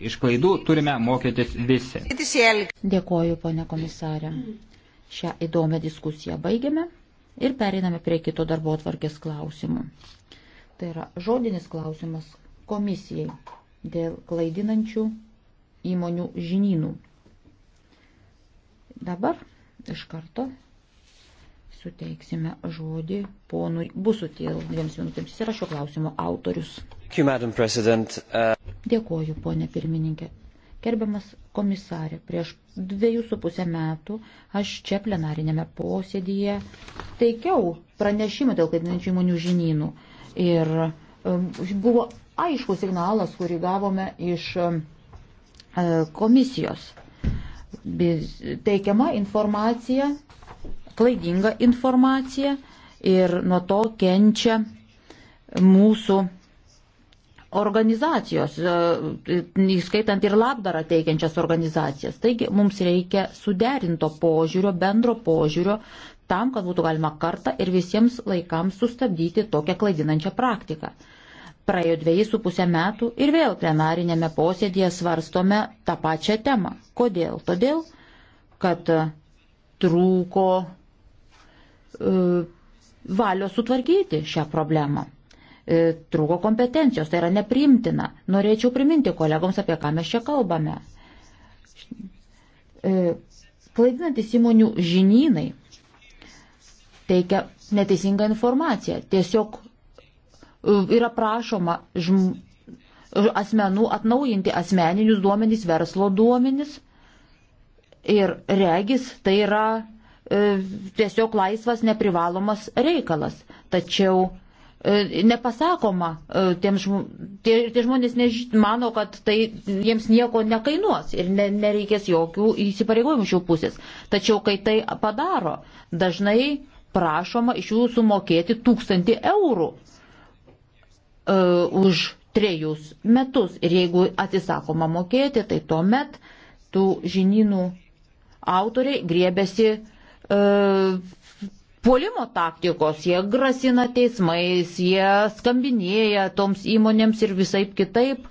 iš klaidų turime mokytis visi. Dėkoju, ponė komisarė. Šią įdomią diskusiją baigiame ir pereiname prie kito darbo atvarkės klausimų. Tai yra žodinis klausimas komisijai dėl klaidinančių įmonių žinynų. Dabar iš karto suteiksime žodį ponui Busutil dviems minutėms. Jis yra šio klausimo autorius. Thank you, Dėkoju, ponė pirmininkė. Gerbiamas komisarė, prieš dviejus su pusę metų aš čia plenarinėme posėdėje teikiau pranešimą dėl klaidinančių įmonių žinynų. Ir um, buvo aišku signalas, kurį gavome iš um, e, komisijos. Teikiama informacija, klaidinga informacija ir nuo to kenčia mūsų organizacijos, e, įskaitant ir labdarą teikiančias organizacijas. Taigi mums reikia suderinto požiūrio, bendro požiūrio, tam, kad būtų galima kartą ir visiems laikams sustabdyti tokią klaidinančią praktiką. Praėjo dviejai su pusę metų ir vėl plenarinėme posėdėje svarstome tą pačią temą. Kodėl? Todėl, kad trūko e, valios sutvarkyti šią problemą. E, trūko kompetencijos, tai yra neprimtina. Norėčiau priminti kolegoms, apie ką mes čia kalbame. E, klaidinantis įmonių žinynai teikia neteisingą informaciją. Tiesiog e, yra prašoma žm... asmenų atnaujinti asmeninius duomenys, verslo duomenys. Ir regis tai yra e, tiesiog laisvas neprivalomas reikalas. Tačiau E, nepasakoma, e, tiem žm tie, tie žmonės než, mano, kad tai jiems nieko nekainuos ir ne, nereikės jokių įsipareigojimų iš jų pusės. Tačiau, kai tai padaro, dažnai prašoma iš jų sumokėti tūkstantį eurų uh, už trejus metus. Ir jeigu atsisakoma mokėti, tai tuomet tų žininų autoriai griebėsi uh, puolimo taktikos, jie grasina teismais, jie skambinėja toms įmonėms ir visai kitaip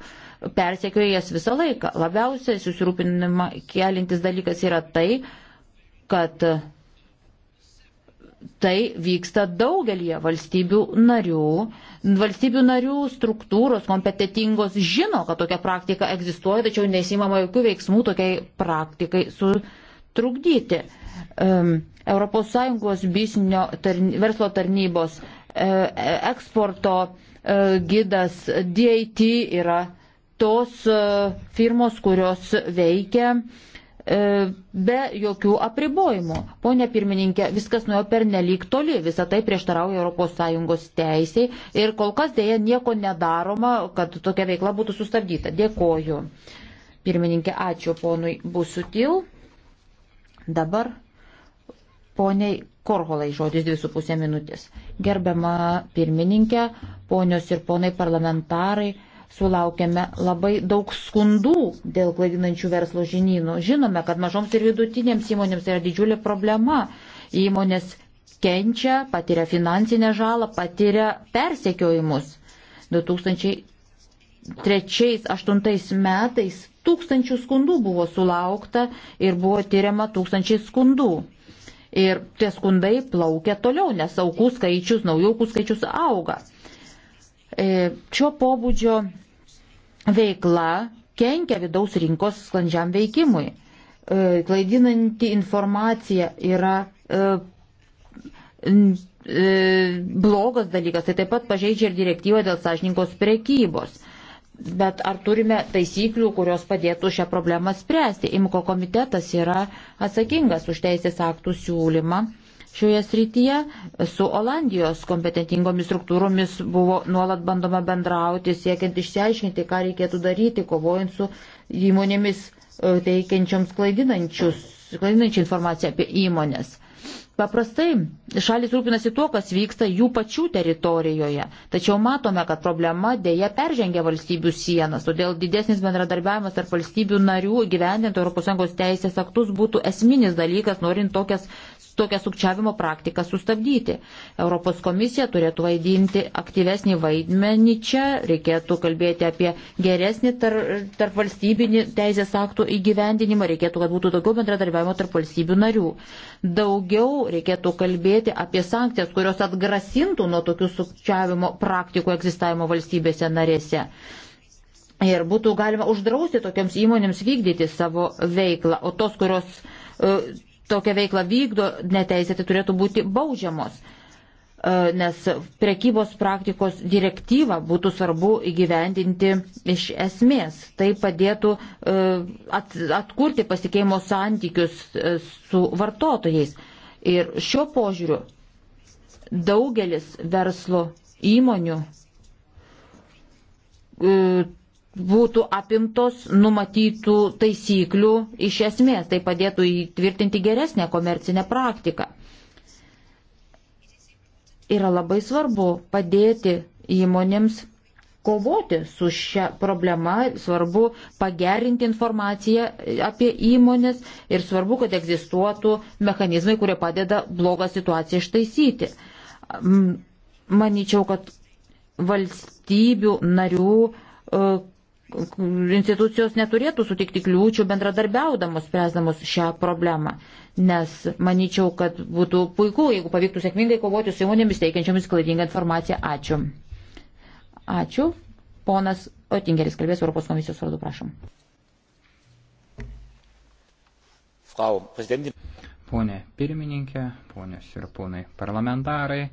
persekioja jas visą laiką. Labiausiai susirūpinimą kelintis dalykas yra tai, kad tai vyksta daugelie valstybių narių. Valstybių narių struktūros kompetitingos žino, kad tokia praktika egzistuoja, tačiau nesimama jokių veiksmų tokiai praktikai susitikti trukdyti. ES biznio tarny, verslo tarnybos e, e, eksporto e, gidas DAT yra tos firmos, kurios veikia be jokių apribojimų. Pone pirmininkė, viskas nuėjo per nelik toli, visą tai prieštarauja ES teisiai ir kol kas dėja nieko nedaroma, kad tokia veikla būtų sustabdyta. Dėkoju. Pirmininkė, ačiū ponui Busutil. Dabar poniai Korholai žodis 2,5 minutės. Gerbiama pirmininkė, ponios ir ponai parlamentarai, sulaukėme labai daug skundų dėl klaidinančių verslo žinynų. Žinome, kad mažoms ir vidutinėms įmonėms yra didžiulė problema. Įmonės kenčia, patiria finansinę žalą, patiria persekiojimus. 2003-2008 metais tūkstančių skundų buvo sulaukta ir buvo tyriama tūkstančiai skundų. Ir tie skundai plaukia toliau, nes aukų skaičius, naujokų skaičius auga. E, šio pobūdžio veikla kenkia vidaus rinkos sklandžiam veikimui. E, klaidinanti informacija yra e, blogas dalykas, tai taip pat pažeidžia ir direktyvą dėl sąžininkos prekybos. Bet ar turime taisyklių, kurios padėtų šią problemą spręsti? Imko komitetas yra atsakingas už teisės aktų siūlymą. Šioje srityje su Olandijos kompetentingomis struktūromis buvo nuolat bandoma bendrauti, siekiant išsiaiškinti, ką reikėtų daryti, kovojant su įmonėmis e, teikiančioms klaidinančią informaciją apie įmonės. Paprastai šalis rūpinasi tuo, kas vyksta jų pačių teritorijoje. Tačiau matome, kad problema dėja peržengia valstybių sienas, todėl didesnis bendradarbiavimas tarp valstybių narių gyvendinti ES teisės aktus būtų esminis dalykas, norint tokias, tokią sukčiavimo praktiką sustabdyti. Europos komisija turėtų vaidinti aktyvesnį vaidmenį čia, reikėtų kalbėti apie geresnį tar, tarp valstybinį teisės aktų įgyvendinimą, reikėtų, kad būtų daugiau bendradarbiavimo tarp valstybių narių. Daugiau reikėtų kalbėti kalbėti apie sankcijas, kurios atgrasintų nuo tokių sukčiavimo praktikų egzistavimo valstybėse narėse. Ir būtų galima uždrausti tokiams įmonėms vykdyti savo veiklą, o tos, kurios e, tokią veiklą vykdo neteisėtai, turėtų būti baudžiamos e, nes prekybos praktikos direktyvą būtų svarbu įgyvendinti iš esmės. Tai padėtų e, atkurti pasikeimo santykius e, su vartotojais. Ir šiuo požiūriu daugelis verslo įmonių e, būtų apimtos numatytų taisyklių iš esmės, tai padėtų įtvirtinti geresnę komercinę praktiką. Yra labai svarbu padėti įmonėms kovoti su šia problema, svarbu pagerinti informaciją apie įmonės ir svarbu, kad egzistuotų mechanizmai, kurie padeda blogą situaciją ištaisyti. Maničiau, kad valstybių narių e, institucijos neturėtų sutikti kliūčių bendradarbiaudamos, spręsdamos šią problemą. Nes manyčiau, kad būtų puiku, jeigu pavyktų sėkmingai kovoti su įmonėmis teikiančiomis klaidingą informaciją. Ačiū. Ačiū. Ponas Otingeris kalbės Europos komisijos vardu, prašom. Frau Präsidentin. Pone pirmininkė, ponios ir ponai parlamentarai,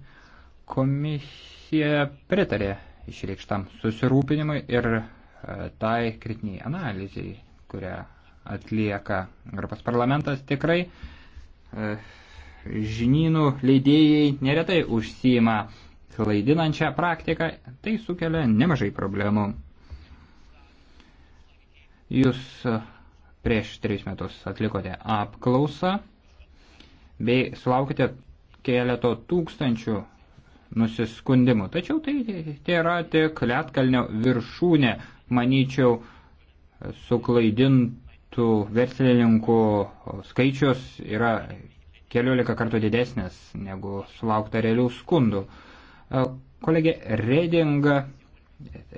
komisija pritarė išreikštam susirūpinimui ir e, tai kritiniai analizai, kurią atlieka Europos parlamentas, tikrai e, žinynų leidėjai neretai užsima klaidinančią praktiką, tai sukelia nemažai problemų. Jūs e, prieš tris metus atlikote apklausą bei sulaukite keleto tūkstančių nusiskundimų. Tačiau tai, tai yra tik lietkalnio viršūnė, manyčiau, suklaidintų verslininkų skaičius yra keliolika kartų didesnis negu sulaukta realių skundų. Kolegė Reding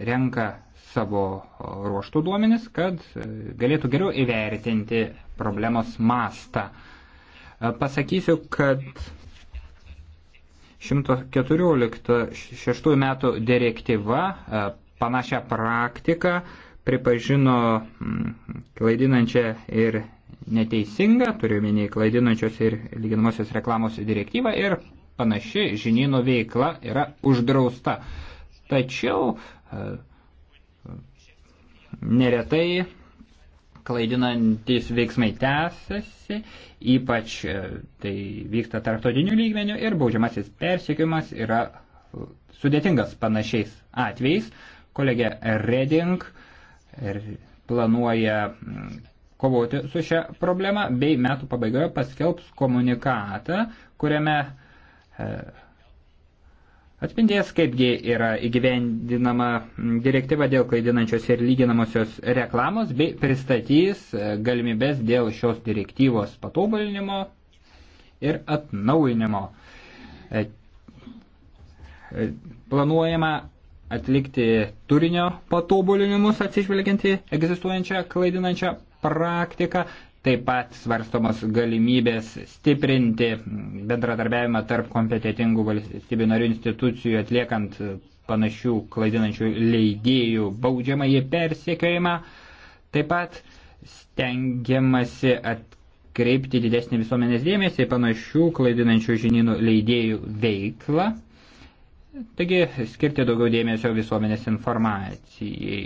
renka savo ruoštų duomenis, kad e, galėtų geriau įvertinti problemos mastą. Pasakysiu, kad 114.6 metų direktyva panašią praktiką pripažino klaidinančią ir neteisingą, turiuomenį klaidinančios ir lyginamosios reklamos direktyvą ir panaši žinynų veikla yra uždrausta. Tačiau e, neretai klaidinantis veiksmai tęsiasi, ypač e, tai vyksta tarptautinių lygmenių ir baudžiamasis persiekimas yra sudėtingas panašiais atvejais. Kolegė Reding planuoja mm, kovoti su šia problema bei metų pabaigoje paskelbs komunikatą, kuriame atspindės, kaipgi yra įgyvendinama direktyva dėl klaidinančios ir lyginamosios reklamos, bei pristatys e, galimybės dėl šios direktyvos patobulinimo ir atnaujinimo. E, planuojama atlikti turinio patobulinimus atsižvelgiant į egzistuojančią klaidinančią praktiką, Taip pat svarstomos galimybės stiprinti bendradarbiavimą tarp kompetitingų valstybių narių institucijų atliekant panašių klaidinančių leidėjų baudžiamąjį persiekiojimą. Taip pat stengiamasi atkreipti didesnį visuomenės dėmesį į panašių klaidinančių žininų leidėjų veiklą. Taigi skirti daugiau dėmesio visuomenės informacijai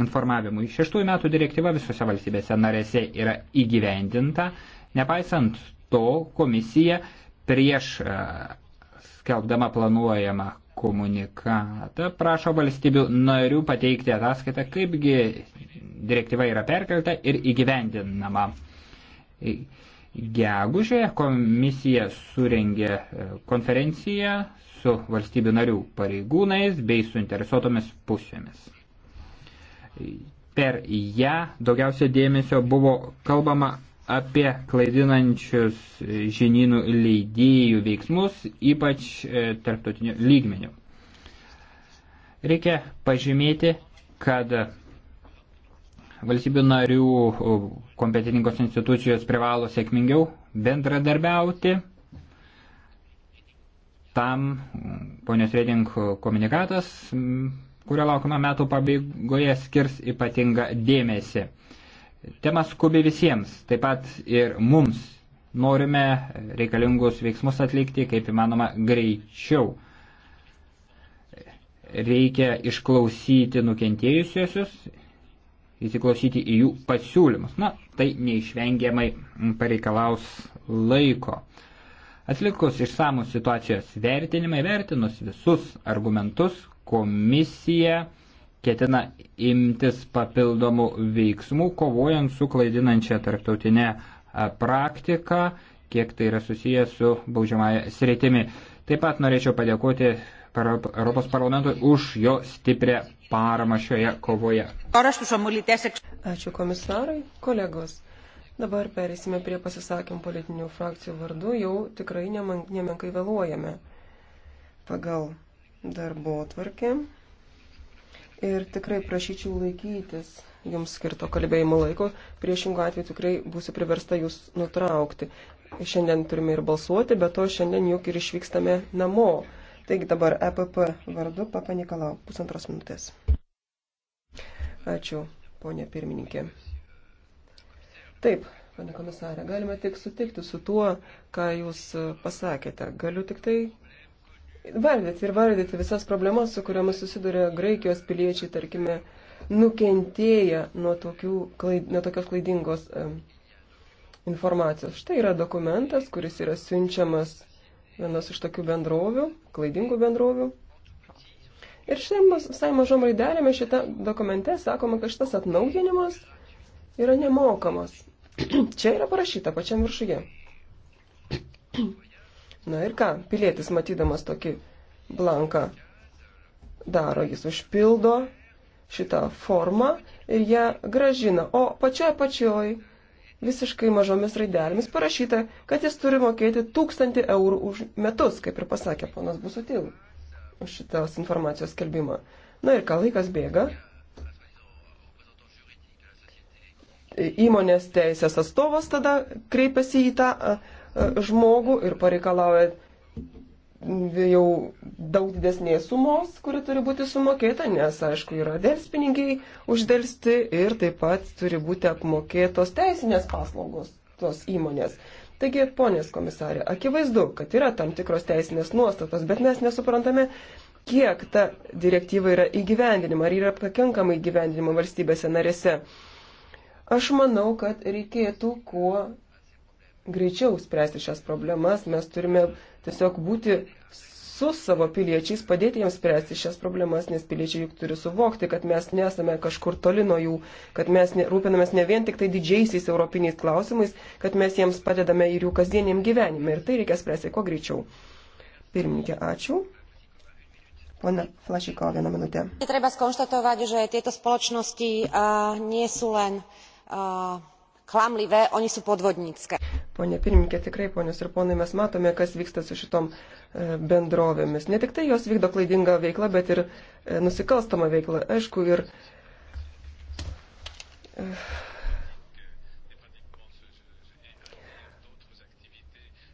informavimui. Šeštųjų metų direktyva visose valstybėse narėse yra įgyvendinta. Nepaisant to, komisija prieš e, skelbdama planuojamą komunikatą prašo valstybių narių pateikti ataskaitą, kaipgi direktyva yra perkelta ir įgyvendinama. Gegužė komisija surengė e, konferenciją su valstybių narių pareigūnais bei suinteresuotomis pusėmis per ją daugiausia dėmesio buvo kalbama apie klaidinančius žinynų leidėjų veiksmus, ypač e, tarptautinių lygmenių. Reikia pažymėti, kad valstybių narių e, kompetitinkos institucijos privalo sėkmingiau bendradarbiauti. Tam ponios Reding komunikatas kurio laukime metų pabaigoje, skirs ypatingą dėmesį. Tema skubi visiems, taip pat ir mums. Norime reikalingus veiksmus atlikti kaip įmanoma greičiau. Reikia išklausyti nukentėjusiosius, įsiklausyti į jų pasiūlymus. Na, tai neišvengiamai pareikalaus laiko. Atlikus išsamų situacijos vertinimą, vertinus visus argumentus, komisija ketina imtis papildomų veiksmų, kovojant su klaidinančia tarptautinė praktika, kiek tai yra susijęs su baudžiamąją sritimi. Taip pat norėčiau padėkoti Europos parlamentui už jo stiprią paramą šioje kovoje. Ačiū komisarai, kolegos. Dabar perėsime prie pasisakymų politinių frakcijų vardu, jau tikrai nemenkai vėluojame. Pagal darbo atvarkė. Ir tikrai prašyčiau laikytis jums skirto kalbėjimo laiko. Priešingų atveju tikrai būsiu priversta jūs nutraukti. Šiandien turime ir balsuoti, bet to šiandien juk ir išvykstame namo. Taigi dabar EPP vardu Papa Nikolau, pusantros minutės. Ačiū, ponė pirmininkė. Taip, ponė komisarė, galime tik sutikti su tuo, ką jūs pasakėte. Galiu tik tai vardyti ir vardyti visas problemas, su kuriomis susiduria Graikijos piliečiai, tarkime, nukentėję nuo, tokių, nuo tokios klaidingos um, informacijos. Štai yra dokumentas, kuris yra siunčiamas vienos iš tokių bendrovių, klaidingų bendrovių. Ir štai visai mažom raidelėme šitą dokumente sakoma, kad šitas atnaujinimas yra nemokamas. Čia yra parašyta pačiam viršuje. Na ir ką, pilietis matydamas tokį blanką daro, jis užpildo šitą formą ir ją gražina. O pačioje pačioj visiškai mažomis raidelėmis parašyta, kad jis turi mokėti tūkstantį eurų už metus, kaip ir pasakė ponas Busutil už šitos informacijos skelbimą. Na ir ką laikas bėga, įmonės teisės atstovas tada kreipiasi į tą žmogų ir pareikalauja jau daug didesnės sumos, kuri turi būti sumokėta, nes, aišku, yra dėlspininkiai uždėlsti ir taip pat turi būti apmokėtos teisinės paslaugos tos įmonės. Taigi, ponės komisarė, akivaizdu, kad yra tam tikros teisinės nuostatos, bet mes nesuprantame, kiek ta direktyva yra įgyvendinima, ar yra pakankamai įgyvendinima valstybėse narėse. Aš manau, kad reikėtų kuo greičiau spręsti šias problemas, mes turime tiesiog būti su savo piliečiais, padėti jiems spręsti šias problemas, nes piliečiai juk turi suvokti, kad mes nesame kažkur toli nuo jų, kad mes rūpinamės ne vien tik tai didžiaisiais europiniais klausimais, kad mes jiems padedame ir jų kasdieniam gyvenime ir tai reikia spręsti kuo greičiau. Pirmininkė, ačiū. Pone Flašiko, vieną minutę. Treba skonštatovať, že tieto spoločnosti uh, nie sú len uh, klamlivé, oni sú podvodnícke. Pone pirmininkė, tikrai, ponios ir ponai, mes matome, kas vyksta su šitom e, bendrovėmis. Ne tik tai jos vykdo klaidingą veiklą, bet ir e, nusikalstamą veiklą. Aišku, ir e,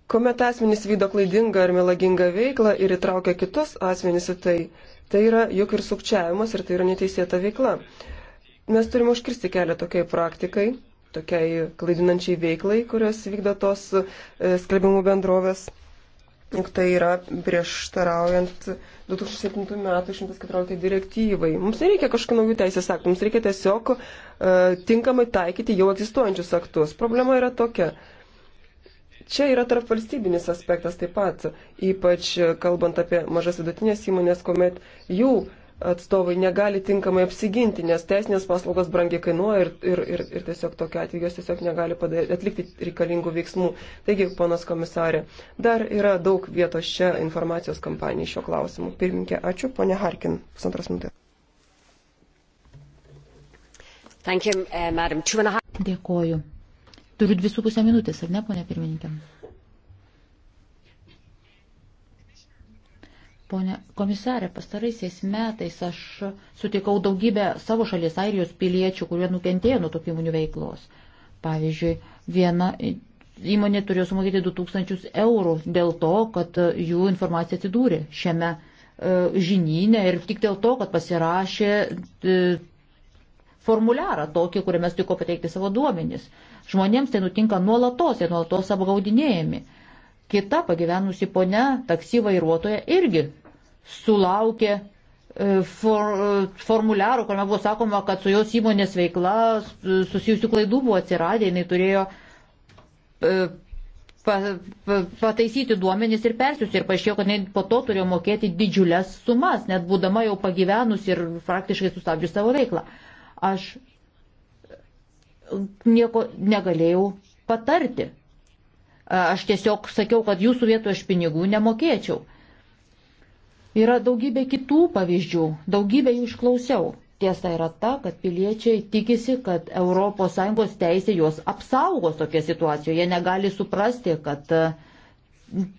Komet asmenys vykdo klaidingą ar melagingą veiklą ir įtraukia kitus asmenys į tai, tai yra juk ir sukčiavimas ir tai yra neteisėta veikla. Mes turime užkirsti kelią tokiai praktikai tokiai klaidinančiai veiklai, kurias vykdo tos e, skelbimų bendrovės. Juk tai yra prieštaraujant 2007 metų 114 direktyvai. Mums nereikia kažkokių naujų teisės aktų, mums reikia tiesiog uh, tinkamai taikyti jau egzistuojančius aktus. Problema yra tokia. Čia yra tarp valstybinis aspektas taip pat, ypač kalbant apie mažas vidutinės įmonės, kuomet jų uh, atstovai negali tinkamai apsiginti, nes teisinės paslaugos brangiai kainuoja ir, ir, ir, ir tiesiog tokia atveju jos tiesiog negali padaryti, atlikti reikalingų veiksmų. Taigi, ponas komisarė, dar yra daug vietos čia informacijos kampanijai šio klausimu. Pirminkė, ačiū, ponė Harkin, pusantros minutės. Eh, Dėkoju. Turiu dvi su pusę minutės, ar ne, ponė pirmininkė? Pone komisarė, pastaraisiais metais aš sutikau daugybę savo šalies airijos piliečių, kurie nukentėjo nuo tokių įmonių veiklos. Pavyzdžiui, viena įmonė turėjo sumokėti 2000 eurų dėl to, kad e, jų informacija atsidūrė šiame e, žinyne ir tik dėl to, kad pasirašė e, formuliarą tokį, kuriame sutiko pateikti savo duomenis. Žmonėms tai nutinka nuolatos, jie nuolatos apgaudinėjami. Kita pagyvenusi ponia, taksi vairuotoja, irgi sulaukė e, for, e, formuliarų, kuriame buvo sakoma, kad su jos įmonės veikla susijusių klaidų buvo atsiradę, jinai turėjo e, pataisyti duomenys ir persiųsti. Ir paaiškėjo, kad po to turėjo mokėti didžiulės sumas, net būdama jau pagyvenus ir praktiškai sustabdžius savo veiklą. Aš nieko negalėjau patarti. Aš tiesiog sakiau, kad jūsų vietoje aš pinigų nemokėčiau. Yra daugybė kitų pavyzdžių, daugybė jų išklausiau. Tiesa yra ta, kad piliečiai tikisi, kad ES teisė juos apsaugos tokia situacijoje. Jie negali suprasti, kad e,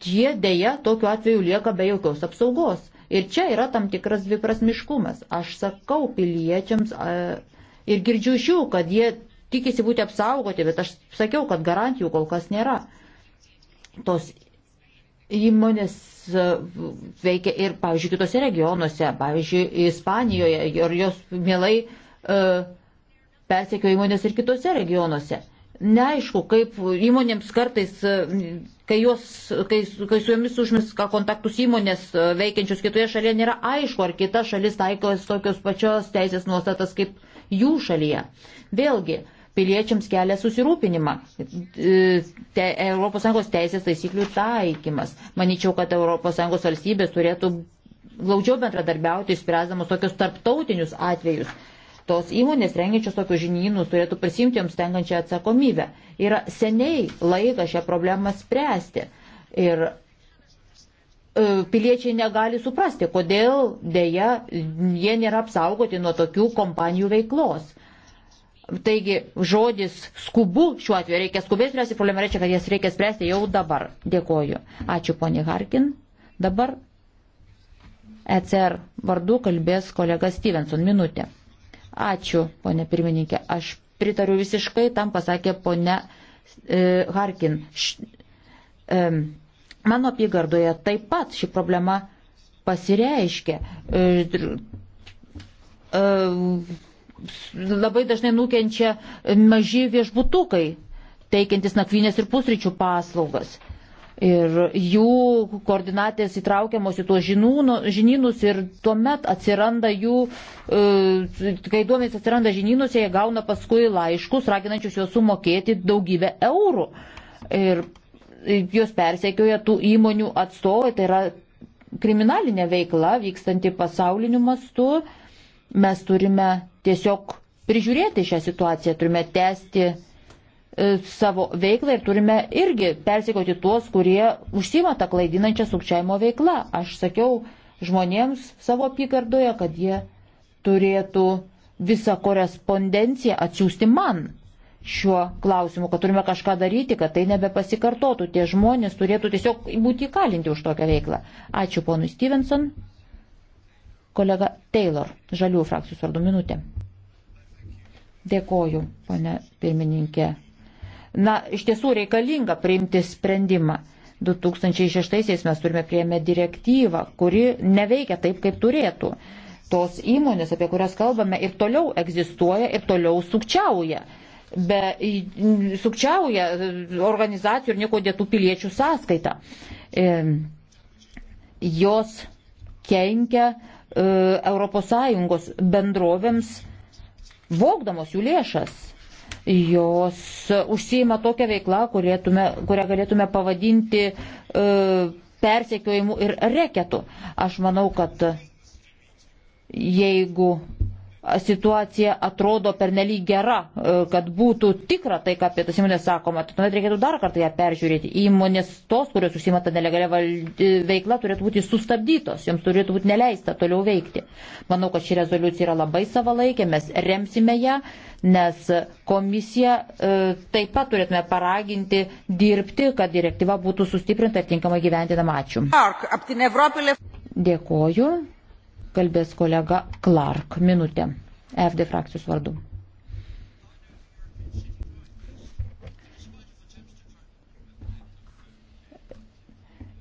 jie dėja tokiu atveju lieka be jokios apsaugos. Ir čia yra tam tikras dviprasmiškumas. Aš sakau piliečiams e, ir girdžiu iš jų, kad jie tikisi būti apsaugoti, bet aš sakiau, kad garantijų kol kas nėra. Tos Įmonės e, veikia ir, pavyzdžiui, kitose regionuose, pavyzdžiui, Ispanijoje, ir jos mielai e, persekio įmonės ir kitose regionuose. Neaišku, kaip įmonėms kartais, e, kai, jos, kai, kai su jomis užmiska kontaktus įmonės veikiančios kitoje šalyje, nėra aišku, ar kita šalis taikos tokios pačios teisės nuostatas kaip jų šalyje. Vėlgi, uh, piliečiams kelia susirūpinimą. E, te, ES teisės taisyklių taikymas. Maničiau, kad ES valstybės turėtų glaudžiau bendradarbiauti, išspręsdamos tokius tarptautinius atvejus. Tos įmonės rengiančios tokius žinynus turėtų prisimti joms tenkančią atsakomybę. Yra seniai laikas šią problemą spręsti. Ir e, piliečiai negali suprasti, kodėl dėja jie nėra apsaugoti nuo tokių kompanijų veiklos. Taigi žodis skubu šiuo atveju reikia skubiai spręsti problemą, reiškia, kad jas reikia spręsti jau dabar. Dėkoju. Ačiū poniai Harkin. Dabar ECR vardu kalbės kolega Stevenson. Minutė. Ačiū, ponė pirmininkė. Aš pritariu visiškai tam, pasakė ponė e, Harkin. Š, e, mano apygardoje taip pat ši problema pasireiškia. E, e, labai dažnai nukenčia maži viešbutukai, teikiantis nakvynės ir pusryčių paslaugas. Ir jų koordinatės įtraukiamos į tuos žinynus ir tuomet atsiranda jų, e, kai duomenys atsiranda žinynuose, jie gauna paskui laiškus, raginančius juos sumokėti daugybę eurų. Ir juos persekioja tų įmonių atstovai, tai yra kriminalinė veikla vykstanti pasauliniu mastu. Mes turime tiesiog prižiūrėti šią situaciją, turime tęsti e, savo veiklą ir turime irgi persikoti tuos, kurie užsima tą klaidinančią sukčiavimo veiklą. Aš sakiau žmonėms savo apygardoje, kad jie turėtų visą korespondenciją atsiųsti man šiuo klausimu, kad turime kažką daryti, kad tai nebepasikartotų. Tie žmonės turėtų tiesiog būti įkalinti už tokią veiklą. Ačiū ponui Stevenson. Kolega Taylor, žalių frakcijų vardu minutė. Dėkoju, ponė pirmininkė. Na, iš tiesų reikalinga priimti sprendimą. 2006 mes turime prieimę direktyvą, kuri neveikia taip, kaip turėtų. Tos įmonės, apie kurias kalbame, ir toliau egzistuoja, ir toliau sukčiauja be sukčiauja organizacijų ir nieko dėtų piliečių sąskaita. E, jos kenkia ES bendrovėms vokdamos jų lėšas. Jos užsijima tokią veiklą, kurią galėtume pavadinti e, persekiojimu ir reketu. Aš manau, kad jeigu situacija atrodo pernelyg gera, e, kad būtų tikra tai, ką apie tas įmonės sakoma, tai tuomet reikėtų dar kartą ją peržiūrėti. Įmonės tos, kurios užsima tą nelegalę e, veiklą, turėtų būti sustabdytos, joms turėtų būti neleista toliau veikti. Manau, kad ši rezoliucija yra labai savalaikė, mes remsime ją, nes komisiją e, taip pat turėtume paraginti dirbti, kad direktyva būtų sustiprinta ir tinkamai gyventinama. Ačiū. Dėkoju kalbės kolega Clark. Minutė. FD frakcijos vardu.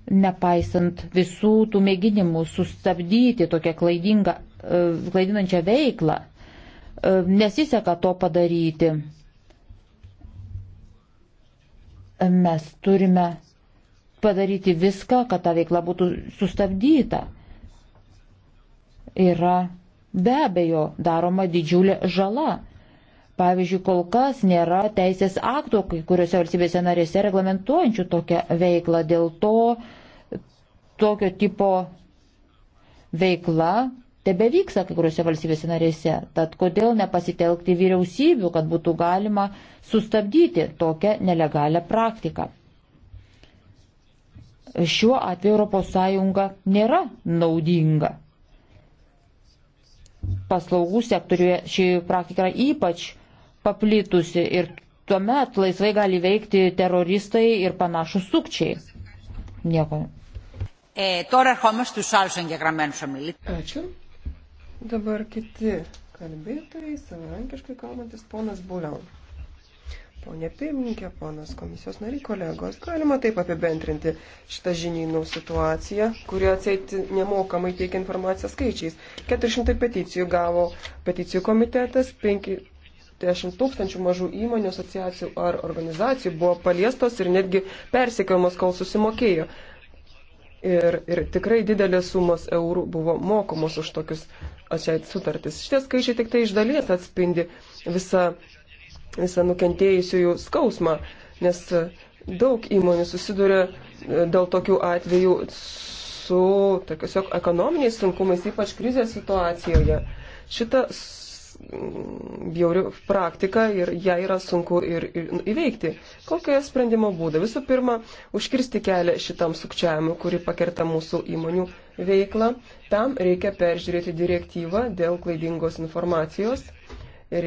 Nepaisant visų tų mėginimų sustabdyti tokią klaidingą, e, klaidinančią veiklą, e, nesiseka to padaryti. Mes turime padaryti viską, kad ta veikla būtų sustabdyta yra be abejo daroma didžiulė žala. Pavyzdžiui, kol kas nėra teisės aktų, kai kuriuose valstybėse narėse reglamentuojančių tokią veiklą. Dėl to tokio tipo veikla tebe vyksta kai kuriuose valstybėse narėse. Tad kodėl nepasitelkti vyriausybių, kad būtų galima sustabdyti tokią nelegalią praktiką. Šiuo atveju ES nėra naudinga paslaugų sektoriuje ši praktika yra ypač paplitusi ir tuomet laisvai gali veikti teroristai ir panašus sukčiai. Nieko. E, Ačiū. Dabar kiti kalbėtojai, savarankiškai kalbantis ponas Buliau. Pone pirmininkė, ponas komisijos nariai, kolegos, galima taip apibendrinti šitą žinynų situaciją, kuri atseiti nemokamai teikia informaciją skaičiais. 400 peticijų gavo peticijų komitetas, 50 tūkstančių mažų įmonių, asociacijų ar organizacijų buvo paliestos ir netgi persikėjamos, kol susimokėjo. Ir, ir tikrai didelės sumos eurų buvo mokomos už tokius sutartis. Šitie skaičiai tik tai iš dalies atspindi visą visą nukentėjusiųjų skausmą, nes daug įmonių susiduria e, dėl tokių atvejų su tiesiog ekonominiais sunkumais, ypač krizės situacijoje. Šita bjauri praktika ir ją yra sunku ir, ir įveikti. Kokie sprendimo būdai? Visų pirma, užkirsti kelią šitam sukčiavimui, kuri pakerta mūsų įmonių veiklą. Tam reikia peržiūrėti direktyvą dėl klaidingos informacijos ir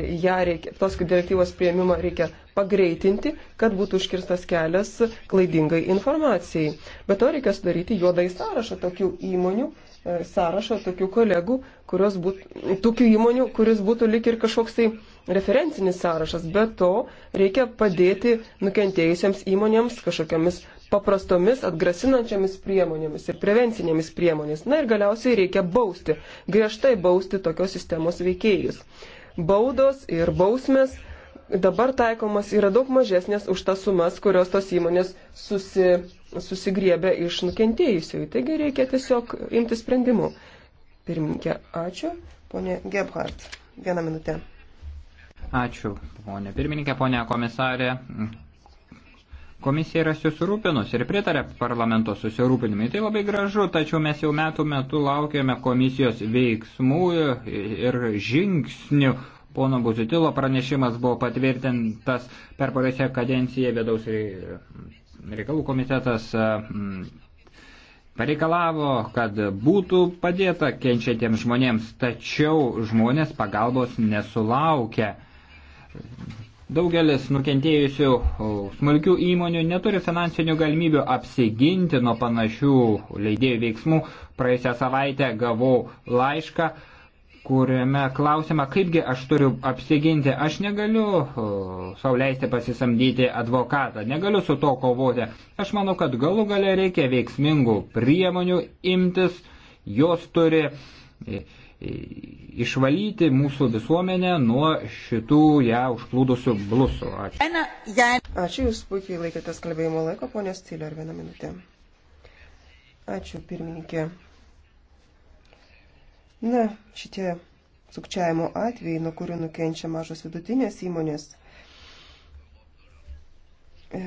reikia, tos direktyvos prieimimą reikia pagreitinti, kad būtų užkirstas kelias klaidingai informacijai. Bet to reikia sudaryti juodai sąrašą tokių įmonių, e, sąrašą tokių kolegų, kurios būtų, tokių įmonių, kuris būtų lik ir kažkoks tai referencinis sąrašas. Be to reikia padėti nukentėjusiems įmonėms kažkokiamis paprastomis atgrasinančiamis priemonėmis ir prevencinėmis priemonėmis. Na ir galiausiai reikia bausti, griežtai bausti tokios sistemos veikėjus baudos ir bausmės dabar taikomas yra daug mažesnės už tas sumas, kurios tos įmonės susi, susigriebė iš nukentėjusiųjų. Taigi reikia tiesiog imti sprendimų. Pirminkė, ačiū. Pone Gebhardt, vieną minutę. Ačiū, ponė pirmininkė, ponė komisarė. Komisija yra susirūpinus ir pritarė parlamento susirūpinimui. Tai labai gražu, tačiau mes jau metų metų laukiame komisijos veiksmų ir žingsnių. Pono Buzutilo pranešimas buvo patvirtintas per praėjusią kadenciją vėdaus reikalų komitetas mm, pareikalavo, kad būtų padėta kenčiantiems žmonėms, tačiau žmonės pagalbos nesulaukia Daugelis nukentėjusių smulkių įmonių neturi finansinių galimybių apsiginti nuo panašių leidėjų veiksmų. Praėjusią savaitę gavau laišką, kuriame klausima, kaipgi aš turiu apsiginti. Aš negaliu sauliaisti pasisamdyti advokatą, negaliu su to kovoti. Aš manau, kad galų gale reikia veiksmingų priemonių imtis, jos turi išvalyti mūsų visuomenę nuo šitų ją užplūdusių blusų. Ačiū. Ačiū, jūs puikiai laikėtės kalbėjimo laiko, ponės Tylė, ar vieną minutę. Ačiū, pirmininkė. Na, šitie sukčiavimo atvejai, nuo kurių nukenčia mažos vidutinės įmonės, e,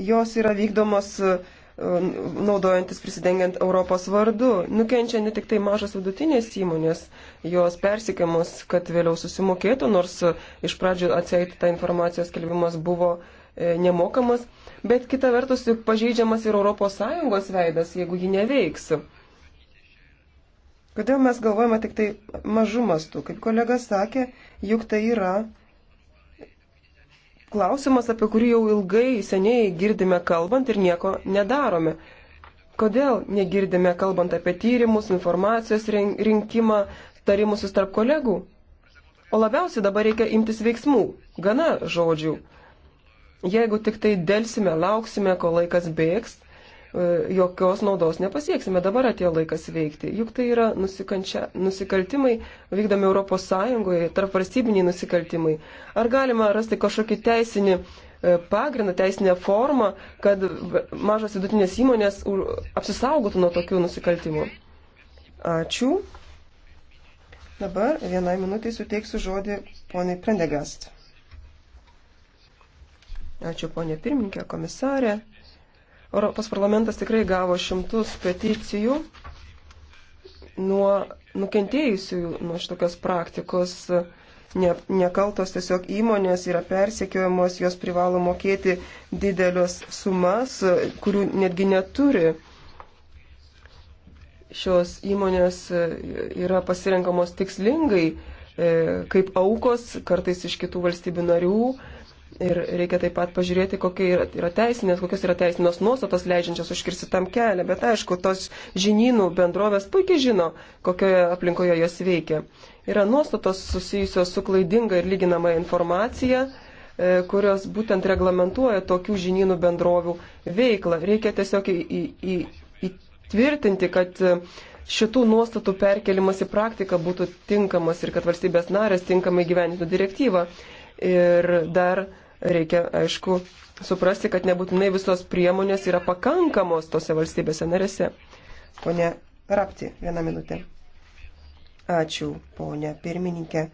jos yra vykdomos e, Um, naudojantis prisidengiant Europos vardu. Nukenčia ne tik tai mažos vidutinės įmonės, jos persikiamos, kad vėliau susimokėtų, nors iš pradžių atseit ta informacijos kelbimas buvo e, nemokamas, bet kita vertus juk pažeidžiamas ir ES veidas, jeigu ji neveiks. Kodėl mes galvojame tik tai mažų mastų? Kaip kolega sakė, juk tai yra klausimas, apie kurį jau ilgai seniai girdime kalbant ir nieko nedarome. Kodėl negirdime kalbant apie tyrimus, informacijos rinkimą, tarimusius tarp kolegų? O labiausiai dabar reikia imtis veiksmų, gana žodžių. Jeigu tik tai dėlsime, lauksime, kol laikas bėgs, E, jokios naudos nepasieksime. Dabar atėjo laikas veikti. Juk tai yra nusikaltimai vykdomi Europos Sąjungoje, tarp valstybiniai nusikaltimai. Ar galima rasti kažkokį teisinį e, pagrindą, teisinę formą, kad mažos vidutinės įmonės apsisaugotų nuo tokių nusikaltimų? Ačiū. Dabar vienai minutiai suteiksiu žodį poniai Prendegast. Ačiū ponė pirmininkė, komisarė. Europos parlamentas tikrai gavo šimtus peticijų nuo nukentėjusių nuo šitokios praktikos. Ne, nekaltos tiesiog įmonės yra persekiojamos, jos privalo mokėti didelios sumas, kurių netgi neturi šios įmonės e, yra pasirenkamos tikslingai e, kaip aukos, kartais iš kitų valstybių narių, Ir reikia taip pat pažiūrėti, kokie yra, yra teisinės, kokios yra teisinės nuostatos leidžiančios užkirsti tam kelią. Bet aišku, tos žinynų bendrovės puikiai žino, kokioje aplinkoje jos veikia. Yra nuostatos susijusios su klaidinga ir lyginama informacija e, kurios būtent reglamentuoja tokių žinynų bendrovių veiklą. Reikia tiesiog į, į, į, įtvirtinti, kad e, šitų nuostatų perkelimas į praktiką būtų tinkamas ir kad valstybės narės tinkamai gyvenintų direktyvą. Ir dar reikia, aišku, suprasti, kad nebūtinai visos priemonės yra pakankamos tose valstybėse narėse. Pone Rapti, vieną minutę. Ačiū, ponė pirmininkė.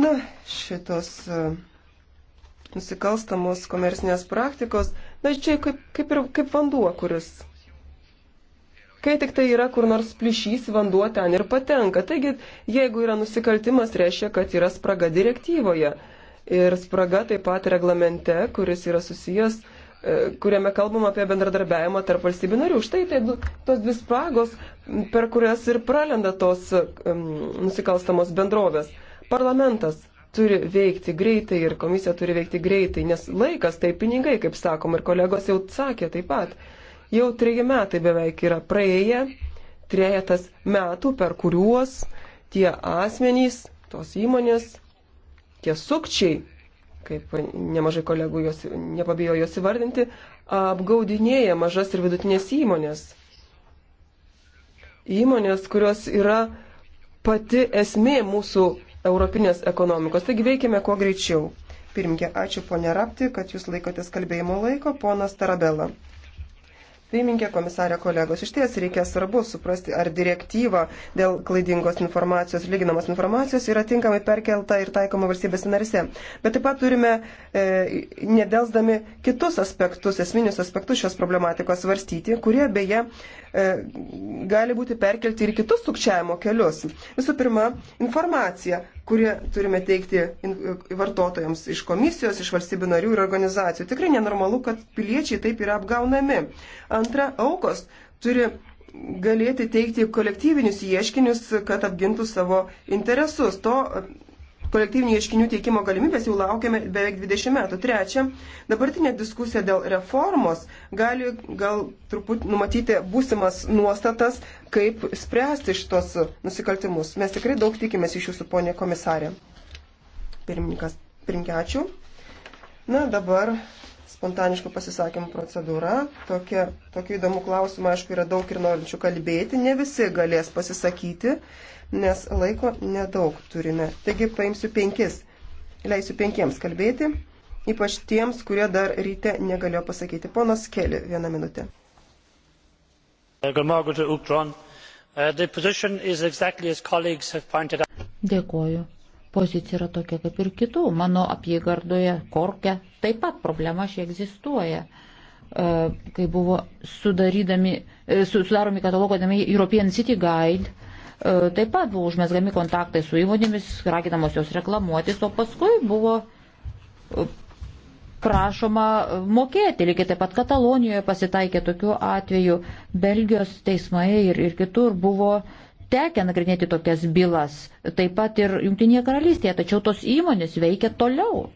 Na, šitos e, nusikalstamos komersinės praktikos, na, čia kaip, kaip ir kaip vanduo, kuris Kai tik tai yra kur nors plyšys, vanduo ten ir patenka. Taigi, jeigu yra nusikaltimas, reiškia, kad yra spraga direktyvoje ir spraga taip pat reglamente, kuris yra susijęs e, kuriame kalbam apie bendradarbiavimą tarp valstybių narių. Štai tai tos dvi spragos, per kurias ir pralenda tos um, nusikalstamos bendrovės. Parlamentas turi veikti greitai ir komisija turi veikti greitai, nes laikas tai pinigai, kaip sakom, ir kolegos jau sakė taip pat. Jau treji metai beveik yra praėję, trejetas metų, per kuriuos tie asmenys, tos įmonės tie sukčiai, kaip nemažai kolegų jos, nepabijo jos įvardinti, apgaudinėja mažas ir vidutinės įmonės. Įmonės, kurios yra pati esmė mūsų europinės ekonomikos. Taigi veikime kuo greičiau. Pirmkė, ačiū ponė Rapti, kad jūs laikotės kalbėjimo laiko, ponas Tarabela. Pirmininkė komisarė kolegos, iš ties reikia svarbu suprasti, ar direktyva dėl klaidingos informacijos, lyginamos informacijos yra tinkamai perkelta ir taikoma valstybės narise. Bet taip pat turime, e, nedelsdami kitus aspektus, esminius aspektus šios problematikos svarstyti, kurie beje e, gali būti perkelti ir kitus sukčiavimo kelius. Visų pirma, informacija kurie turime teikti vartotojams iš komisijos, iš valstybių narių ir organizacijų. Tikrai nenormalu, kad piliečiai taip yra apgaunami. Antra, aukos turi galėti teikti kolektyvinius ieškinius, kad apgintų savo interesus. To kolektyvinių ieškinių teikimo galimybės jau laukiame beveik 20 metų. Trečia, dabartinė diskusija dėl reformos gali gal truput numatyti būsimas nuostatas, kaip spręsti šitos nusikaltimus. Mes tikrai daug tikimės iš jūsų, ponė komisarė. Pirmininkas, pirmkiačių. Na, dabar spontaniškų pasisakymų procedūra. Tokia, tokių įdomų klausimų, aišku, yra daug ir norinčių kalbėti. Ne visi galės pasisakyti, nes laiko nedaug turime. Taigi paimsiu penkis. Leisiu penkiems kalbėti, ypač tiems, kurie dar ryte negalėjo pasakyti. Ponas Keli, vieną minutę. Dėkuoju. Pozicija yra tokia kaip ir kitų. Mano apygardoje, Korke, taip pat problema ši egzistuoja. E, kai buvo sudarydami, e, sudaromi katalogodami European City Guide, e, taip pat buvo užmesgami kontaktai su įmonėmis, raginamos jos reklamuotis, o paskui buvo prašoma mokėti. Lygiai taip pat Katalonijoje pasitaikė tokių atvejų, Belgijos teismai ir, ir kitur buvo tekę nagrinėti tokias bylas, taip pat ir Junktinėje karalystėje, tačiau tos įmonės veikia toliau.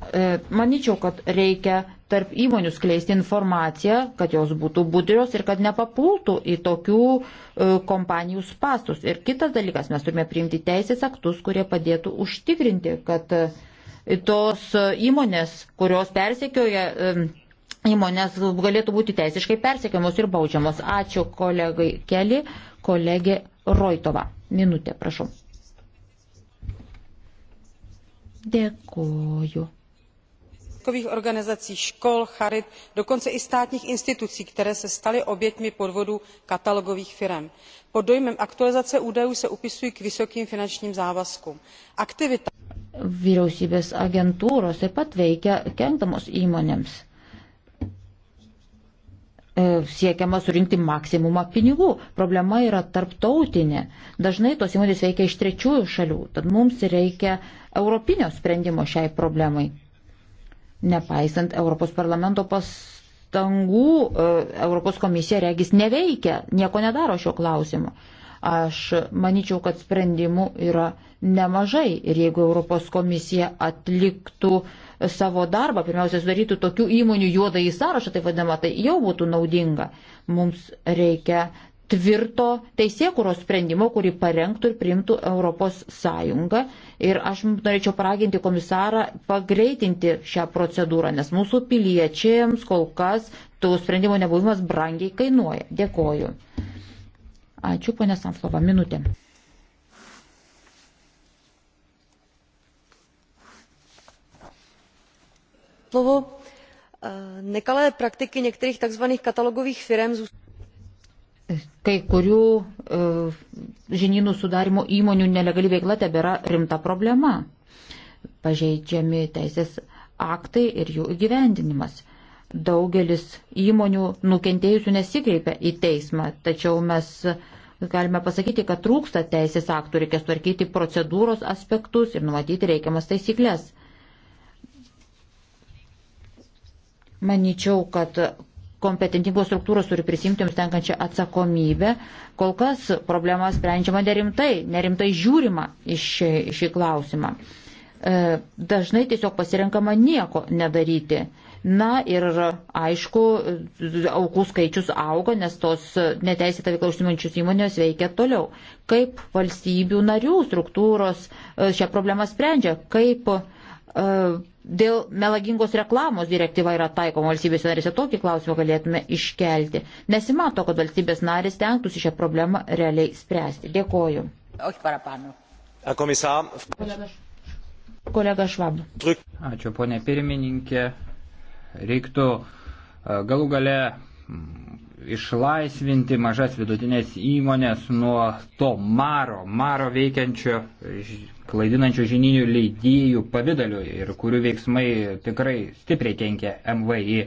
E, Maničiau, kad reikia tarp įmonių skleisti informaciją, kad jos būtų budrios ir kad nepapultų į tokių e, kompanijų spastus. Ir kitas dalykas, mes turime priimti teisės aktus, kurie padėtų užtikrinti, kad e, tos įmonės, kurios persekioja įmonės, galėtų būti teisiškai persekiamos ir baudžiamos. Ačiū kolegai Keli kolegė Roitova. Minutė, prašau. Dėkoju. organizací, škol, charit, dokonce i státních institucí, které se staly oběťmi podvodů katalogových firm. Pod dojmem aktualizace údajů se upisují k vysokým finančním závazkům. Aktivita vyriausybės agentūros taip pat veikia kenkdamos įmonėms. E, siekiama surinkti maksimumą pinigų. Problema yra tarptautinė. Dažnai tos įmonės veikia iš trečiųjų šalių, tad mums reikia europinio sprendimo šiai problemai. Nepaisant Europos parlamento pastangų, e, Europos komisija regis neveikia, nieko nedaro šio klausimu. Aš manyčiau, kad sprendimų yra nemažai ir jeigu Europos komisija atliktų uh, savo darbą, pirmiausia, sudarytų tokių įmonių juodą į sąrašą, tai vadinama, tai jau būtų naudinga. Mums reikia tvirto teisėkuros sprendimo, kurį parengtų ir priimtų Europos Sąjunga. Ir aš norėčiau paraginti komisarą pagreitinti šią procedūrą, nes mūsų piliečiams kol kas tų sprendimo nebuvimas brangiai kainuoja. Dėkoju. Ačiū, ponė Sanflova, minutė. E, nekalé praktiky některých tzv. katalogových firm Kai kurių e, žininų sudarimo įmonių nelegali veikla tebėra rimta problema. Pažeidžiami teisės aktai ir jų gyvendinimas. Daugelis įmonių nukentėjusių nesikreipia į teismą, tačiau mes galime pasakyti, kad trūksta teisės aktų, reikia tvarkyti procedūros aspektus ir numatyti reikiamas taisyklės Maničiau, kad kompetentingos struktūros turi prisimti jums tenkančią atsakomybę. Kol kas problema sprendžiama nerimtai, nerimtai žiūrima iš šį klausimą. E, dažnai tiesiog pasirenkama nieko nedaryti. Na ir aišku, aukų skaičius auga, nes tos neteisėtą veiklą užsimančius įmonės veikia toliau. Kaip valstybių narių struktūros e, šią problemą sprendžia, kaip e, dėl melagingos reklamos direktyva yra taikoma valstybės narėse, tokį klausimą galėtume iškelti. Nesimato, kad valstybės narės tenktųsi šią problemą realiai spręsti. Dėkoju. Kolega Švab. Ačiū, ponė pirmininkė. Reiktų e, galų gale išlaisvinti mažas vidutinės įmonės nuo to maro, maro veikiančio, klaidinančio žininių leidėjų pavydalių ir kurių veiksmai tikrai stipriai kenkia MVI.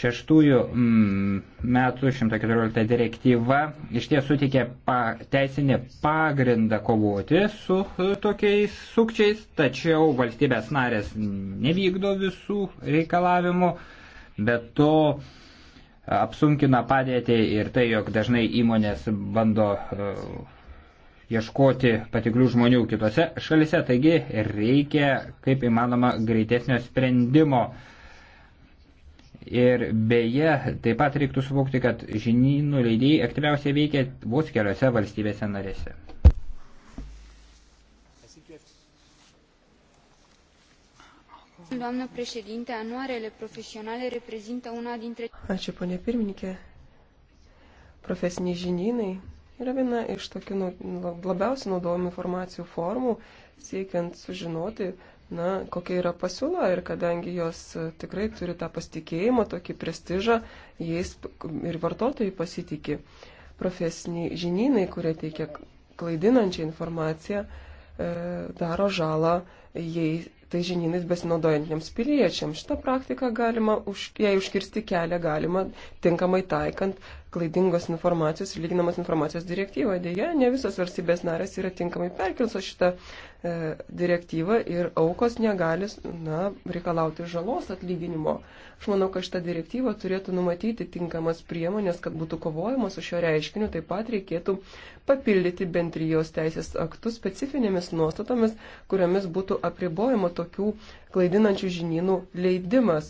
Šeštųjų mm, metų 114 direktyva iš ties sutikė pa, teisinį pagrindą kovoti su e, tokiais sukčiais, tačiau valstybės narės nevykdo visų reikalavimų, bet to apsunkina padėtį ir tai, jog dažnai įmonės bando e, ieškoti patiklių žmonių kitose šalise, taigi reikia kaip įmanoma greitesnio sprendimo. Ir beje, taip pat reiktų suvokti, kad žinynų leidėjai aktyviausiai veikia vos keliose valstybėse narėse. Anuarele profesionale reprezintă una dintre... Ačiū, ponė pirmininkė. Profesiniai žinynai yra viena iš tokių nu, labiausiai naudojamų informacijų formų, siekiant sužinoti, na, kokia yra pasiūla ir kadangi jos e, tikrai turi tą pasitikėjimą, tokį prestižą, jais ir vartotojai pasitikė. Profesiniai žinynai, kurie teikia klaidinančią informaciją, e, daro žalą jai tai žinynais besinaudojantiems piliečiams. Šitą praktiką galima, už, jei užkirsti kelią, galima tinkamai taikant klaidingos informacijos ir lyginamos informacijos direktyvą. Deja, ne visos valstybės narės yra tinkamai perkilusios šitą E, direktyvą ir aukos negali na, reikalauti žalos atlyginimo. Aš manau, kad šitą direktyvą turėtų numatyti tinkamas priemonės, kad būtų kovojama su šio reiškiniu. Taip pat reikėtų papildyti bendrijos teisės aktus specifinėmis nuostatomis, kuriamis būtų apribojama tokių klaidinančių žinynų leidimas.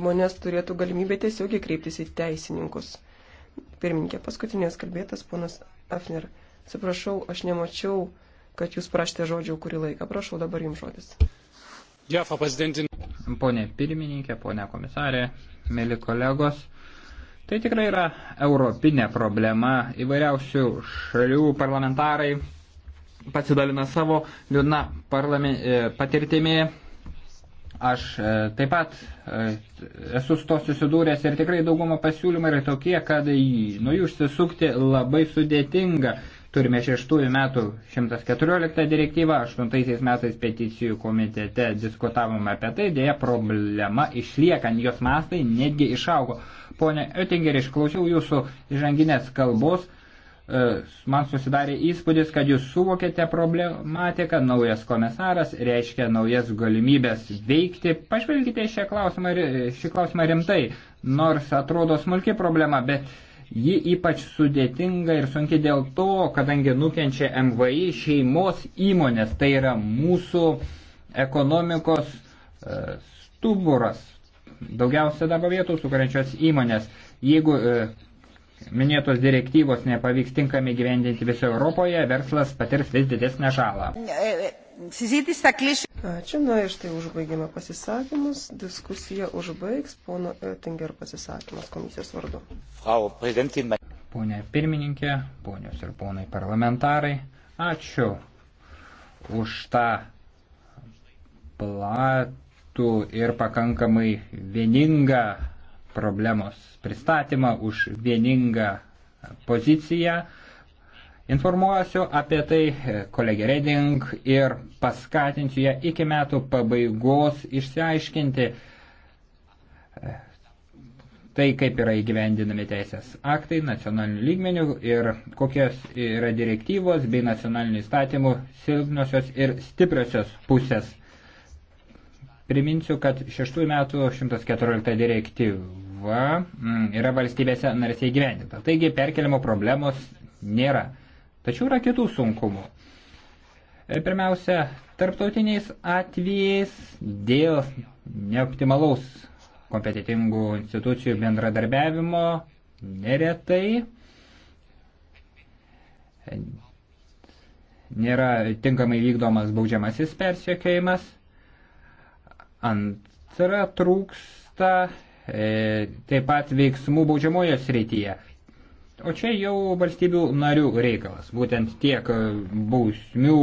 Įmonės turėtų galimybę tiesiogiai kreiptis į teisininkus. Pirmininkė, paskutinės kalbėtas ponas Afner. Atsiprašau, aš nemačiau kad jūs prašėte žodžių kurį laiką. Prašau, dabar jums žodis. Ja, Pone pirmininkė, pone komisarė, mėly kolegos, tai tikrai yra europinė problema. Įvairiausių šalių parlamentarai pasidalina savo liūdna e, patirtimi. Aš e, taip pat e, esu su to susidūręs ir tikrai dauguma pasiūlymų yra tokie, kad nuo jų išsisukti labai sudėtinga. Turime 6 metų 114 direktyvą, 8 metais peticijų komitete diskutavome apie tai, dėja problema išlieka, jos mastai netgi išaugo. Pone Oettinger, išklausiau jūsų įžanginės kalbos, e, man susidarė įspūdis, kad jūs suvokėte problematiką, naujas komisaras reiškia naujas galimybės veikti. Pažvelkite šią klausimą, šį klausimą rimtai, nors atrodo smulki problema, bet Ji ypač sudėtinga ir sunki dėl to, kadangi nukenčia MVI šeimos įmonės, tai yra mūsų ekonomikos e, stuburas, daugiausia darbo vietų sukuriančios įmonės. Jeigu e, minėtos direktyvos nepavyks tinkami gyvendinti visoje Europoje, verslas patirs vis didesnę žalą. E, Ačiū. Na ir štai užbaigėme pasisakymus. Diskusiją užbaigs pono Oettinger pasisakymas komisijos vardu. Pone pirmininkė, ponios ir ponai parlamentarai, ačiū už tą platų ir pakankamai vieningą problemos pristatymą, už vieningą poziciją. Informuosiu apie tai e, kolegė Reding ir paskatinsiu ją iki metų pabaigos išsiaiškinti e, tai, kaip yra įgyvendinami teisės aktai nacionaliniu lygmeniu ir kokios yra direktyvos bei nacionalinių įstatymų silpnosios ir stipriosios pusės. Priminsiu, kad 6 metų 114 direktyva mm, yra valstybėse narsiai įgyvendinta. Taigi perkelimo problemos nėra. Tačiau yra kitų sunkumų. E, pirmiausia, tarptautiniais atvejais dėl neoptimalaus kompetitingų institucijų bendradarbiavimo neretai nėra tinkamai vykdomas baudžiamasis persiekėjimas. Antra, trūksta e, taip pat veiksmų baudžiamojo srityje. O čia jau valstybių narių reikalas. Būtent tiek bausmių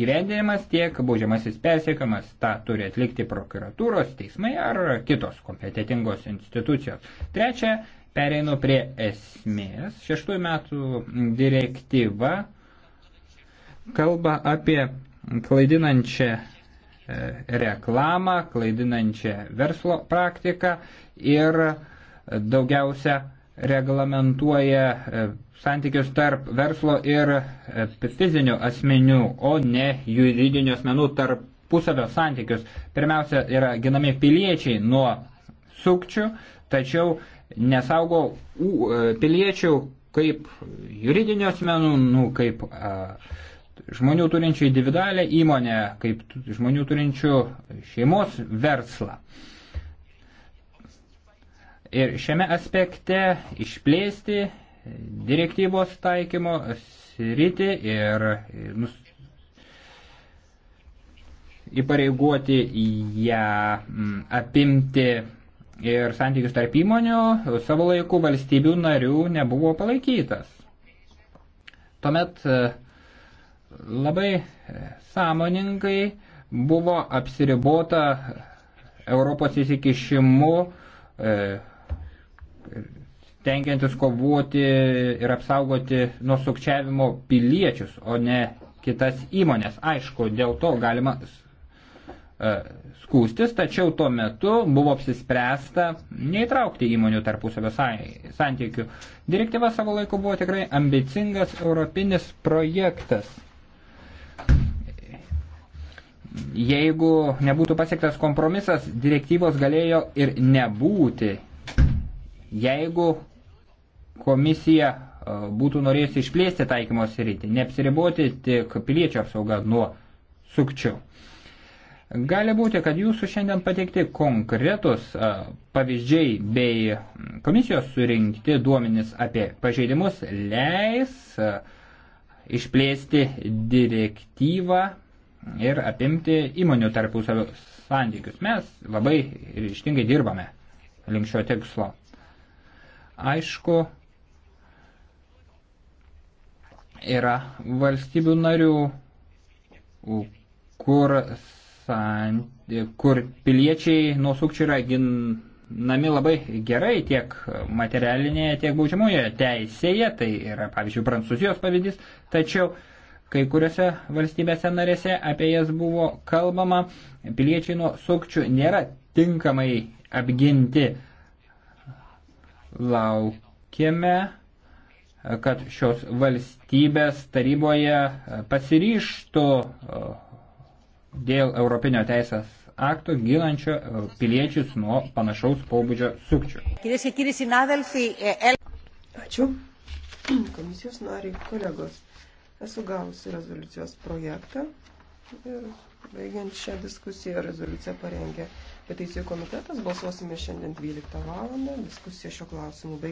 gyvendinimas, tiek baudžiamasis persiekimas, tą turi atlikti prokuratūros, teismai ar kitos kompetitingos institucijos. Trečia, pereinu prie esmės. Šeštųjų metų direktyva kalba apie klaidinančią e, reklamą, klaidinančią verslo praktiką ir daugiausia reglamentuoja e, santykius tarp verslo ir e, fizinių asmenių, o ne juridinių asmenų tarpusavio santykius. Pirmiausia, yra ginami piliečiai nuo sukčių, tačiau nesaugo e, piliečių kaip juridinių asmenų, nu, kaip a, žmonių turinčių individualią įmonę, kaip žmonių turinčių šeimos verslą. A, ir šiame aspekte išplėsti direktyvos taikymo sritį ir nus... įpareigoti ją mm, apimti ir santykius tarp įmonių savo laiku valstybių narių nebuvo palaikytas. Tuomet e, labai sąmoningai buvo apsiribota Europos įsikišimu e, tenkiantis kovoti ir apsaugoti nuo sukčiavimo piliečius, o ne kitas įmonės. Aišku, dėl to galima e, skūstis, tačiau tuo metu buvo apsispręsta neįtraukti įmonių tarpusavio santykių. Direktyva savo laiku buvo tikrai ambicingas europinis projektas. Jeigu nebūtų pasiektas kompromisas, direktyvos galėjo ir nebūti jeigu komisija e, būtų norėjusi išplėsti taikymo sritį, neapsiriboti tik piliečio apsauga nuo sukčių. Gali būti, kad jūsų šiandien pateikti konkretus e, pavyzdžiai bei komisijos surinkti duomenys apie pažeidimus leis e, išplėsti direktyvą ir apimti įmonių tarpusavio santykius. Mes labai ryštingai dirbame link šio tikslo. Aišku, yra valstybių narių, kur, san, kur piliečiai nuo sukčių yra ginami labai gerai tiek materialinėje, tiek baudžiamoje teisėje, tai yra pavyzdžiui Prancūzijos pavyzdys, tačiau kai kuriuose valstybėse narėse apie jas buvo kalbama, piliečiai nuo sukčių nėra tinkamai apginti. Laukime, kad šios valstybės taryboje pasiryštų dėl Europinio teisės akto ginančio piliečius nuo panašaus pobūdžio sukčių. E, Ačiū. Komisijos nariai, kolegos, esu gavusi rezoliucijos projektą ir baigiant šią diskusiją rezoliuciją parengė Peticijų komitetas balsuosime šiandien 12 val. Diskusija šio klausimu baigta.